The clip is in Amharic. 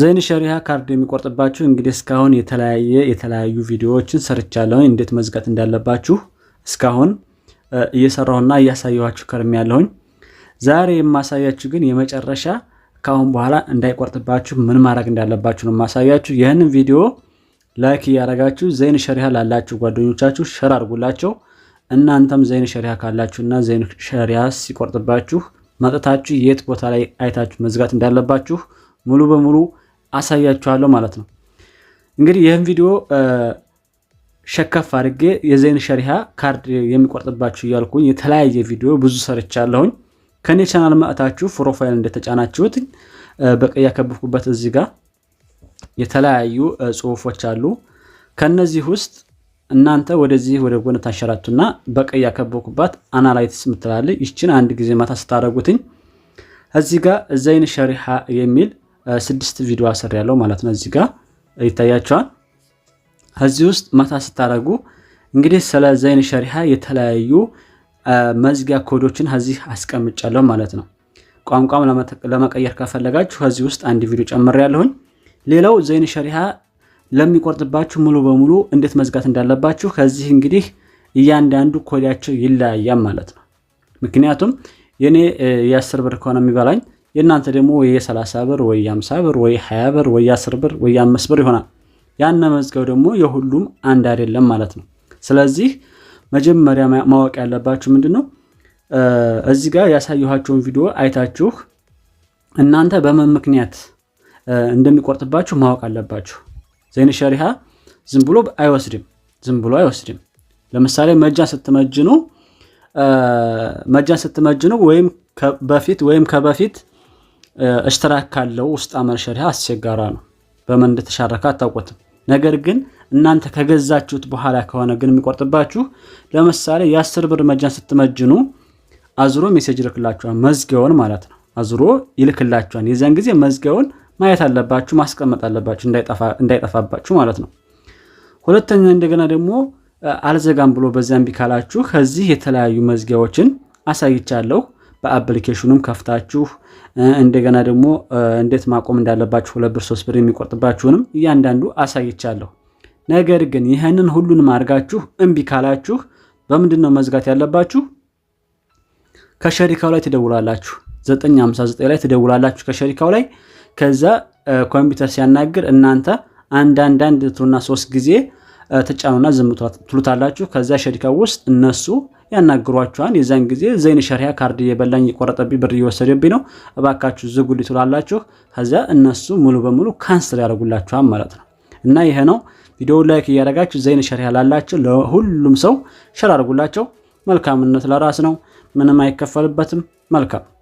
ዘይን ሸሪሃ ካርድ የሚቆርጥባችሁ እንግዲህ እስካሁን የተለያየ የተለያዩ ቪዲዮዎችን ሰርቻለሁ። እንዴት መዝጋት እንዳለባችሁ እስካሁን እየሰራሁና እያሳየኋችሁ ከርም ያለሁኝ። ዛሬ የማሳያችሁ ግን የመጨረሻ ካሁን በኋላ እንዳይቆርጥባችሁ ምን ማድረግ እንዳለባችሁ ነው የማሳያችሁ። ይህንን ቪዲዮ ላይክ እያደረጋችሁ ዘይን ሸሪሃ ላላችሁ ጓደኞቻችሁ ሸር አድርጉላቸው። እናንተም ዘይን ሸሪሃ ካላችሁና ዘይን ሸሪሃ ሲቆርጥባችሁ መጥታችሁ የት ቦታ ላይ አይታችሁ መዝጋት እንዳለባችሁ ሙሉ በሙሉ አሳያችኋለሁ ማለት ነው። እንግዲህ ይህም ቪዲዮ ሸከፍ አድርጌ የዘይን ሸሪሃ ካርድ የሚቆርጥባችሁ እያልኩኝ የተለያየ ቪዲዮ ብዙ ሰርቻለሁኝ። ከኔ ቻናል መጥታችሁ ፕሮፋይል እንደተጫናችሁት በቀይ ያከብኩበት እዚህ ጋር የተለያዩ ጽሁፎች አሉ። ከነዚህ ውስጥ እናንተ ወደዚህ ወደ ጎን ታሸራቱና በቀይ ያከበኩባት አናላይትስ ምትላለ ይችን አንድ ጊዜ ማታ ስታደረጉትኝ እዚህ ጋር ዘይን ሸሪሃ የሚል ስድስት ቪዲዮ አሰር ያለው ማለት ነው። እዚህ ጋር ይታያቸዋል። እዚህ ውስጥ መታ ስታደርጉ እንግዲህ ስለ ዘይን ሸሪሃ የተለያዩ መዝጊያ ኮዶችን ከዚህ አስቀምጫለሁ ማለት ነው። ቋንቋም ለመቀየር ከፈለጋችሁ ከዚህ ውስጥ አንድ ቪዲዮ ጨምር ያለሁኝ። ሌላው ዘይን ሸሪሃ ለሚቆርጥባችሁ ሙሉ በሙሉ እንዴት መዝጋት እንዳለባችሁ ከዚህ እንግዲህ እያንዳንዱ ኮዳቸው ይለያያል ማለት ነው። ምክንያቱም የእኔ የአስር ብር ከሆነ የሚበላኝ የእናንተ ደግሞ ወይ የ30 ብር ወይ የ50 ብር ወይ 20 ብር ወይ 10 ብር ወይ 5 ብር ይሆናል። ያነ መዝገብ ደግሞ የሁሉም አንድ አይደለም ማለት ነው። ስለዚህ መጀመሪያ ማወቅ ያለባችሁ ምንድን ነው፣ እዚህ ጋር ያሳየኋቸውን ቪዲዮ አይታችሁ እናንተ በምን ምክንያት እንደሚቆርጥባችሁ ማወቅ አለባችሁ። ዘይን ሸሪሃ ዝም ብሎ አይወስድም፣ ዝም ብሎ አይወስድም። ለምሳሌ መጃን ስትመጅኑ መጃን ስትመጅኑ ወይም በፊት ወይም ከበፊት እሽትራክ ካለው ውስጥ መርሸሪያ አስቸጋራ ነው። በምን እንደተሻረከ አታውቁትም። ነገር ግን እናንተ ከገዛችሁት በኋላ ከሆነ ግን የሚቆርጥባችሁ ለምሳሌ የአስር ብር መጃን ስትመጅኑ አዝሮ ሜሴጅ ይልክላችኋል። መዝጊያውን ማለት ነው። አዝሮ ይልክላችኋል። የዚያን ጊዜ መዝጊያውን ማየት አለባችሁ፣ ማስቀመጥ አለባችሁ እንዳይጠፋባችሁ ማለት ነው። ሁለተኛ እንደገና ደግሞ አልዘጋም ብሎ በዚያ ቢካላችሁ ካላችሁ ከዚህ የተለያዩ መዝጊያዎችን አሳይቻለሁ። በአፕሊኬሽኑም ከፍታችሁ እንደገና ደግሞ እንዴት ማቆም እንዳለባችሁ ሁለት ብር ሶስት ብር የሚቆርጥባችሁንም እያንዳንዱ አሳይቻለሁ። ነገር ግን ይህንን ሁሉንም አድርጋችሁ እምቢ ካላችሁ በምንድን ነው መዝጋት ያለባችሁ? ከሸሪካው ላይ ትደውላላችሁ። 959 ላይ ትደውላላችሁ ከሸሪካው ላይ። ከዛ ኮምፒውተር ሲያናግር እናንተ አንድ አንድ አንድ ሶስት ጊዜ ተጫኑና ዝም ትሉታላችሁ። ከዛ ሸሪካው ውስጥ እነሱ ያናግሯችኋል። የዛን ጊዜ ዘይን ሸሪያ ካርድ እየበላኝ የቆረጠብኝ ብር እየወሰደብኝ ነው እባካችሁ ዝጉል ትላላችሁ። ከዚያ እነሱ ሙሉ በሙሉ ካንስል ያደርጉላችኋል ማለት ነው። እና ይሄ ነው ቪዲዮ ላይክ እያደረጋችሁ ዘይን ሸሪያ ላላችሁ ለሁሉም ሰው ሸር አድርጉላቸው። መልካምነት ለራስ ነው፣ ምንም አይከፈልበትም። መልካም